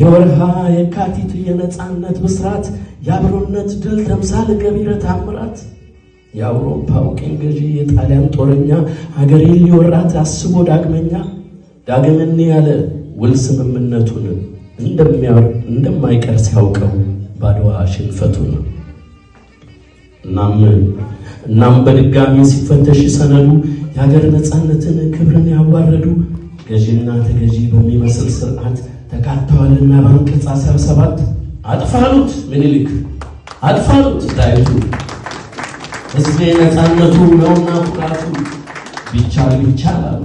የወርሃ የካቲት የነፃነት ብስራት የአብሮነት ድል ተምሳል ገቢረ ታምራት የአውሮፓው ቅኝ ገዢ የጣሊያን ጦረኛ ሀገሬን ሊወራት አስቦ ዳግመኛ ዳግምን ያለ ውል ስምምነቱን እንደማይቀር ሲያውቀው ባድዋ ሽንፈቱን እናም እናም በድጋሚ ሲፈተሽ ሰነዱ የሀገር ነፃነትን ክብርን ያዋረዱ ገዢና ተገዢ በሚመስል ስርዓት ተቃተዋልና በአንቀጽ 17 አጥፋሉት፣ ምኒልክ አጥፋሉት፣ ዳዊቱ ሕዝቤ ነፃነቱ ነውና ኩራቱ። ቢቻል ቢቻል አሉ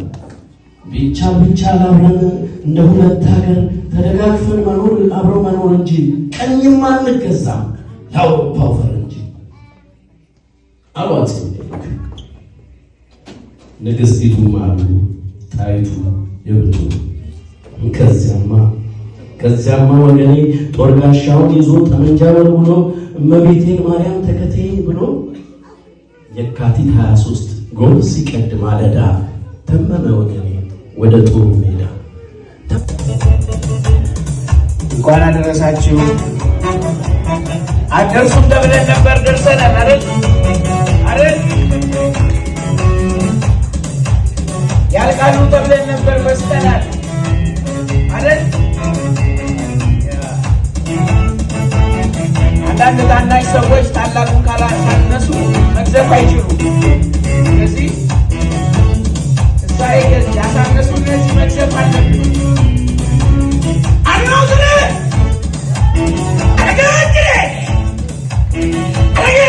ቢቻል ቢቻል አብረን እንደ ሁለት ሀገር ተደጋግፈን መኖር አብረው መኖር እንጂ ቀኝም አንገዛም ለአውሮፓው ፈረንጂ አሏት ምኒልክ። ንግሥቲቱም አሉ ጣይቱ የብቱ ከዚያማ ከዚያማ ወገኔ ጦር ጋሻውን ይዞ ጠመንጃ ወርውሎ እመቤቴን ማርያም ተከተይኝ ብሎ የካቲት 23 ጎል ሲቀድ ማለዳ ተመመ ወገኔ ወደ ጦሩ ሜዳ። እንኳን አደረሳችሁ። ተብለን ነበር ደርሰናል አይደል አይደል? ያልቃሉ ተብለን ነበር አንዳንድ ታናሽ ሰዎች ታላቁን ካላሳነሱ መግዘፍ አይችሉ። ስለዚህ እስራኤል ያሳነሱ እነዚህ መግዘፍ አለብን። አድናውስነ አረገ አረገ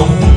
Oh.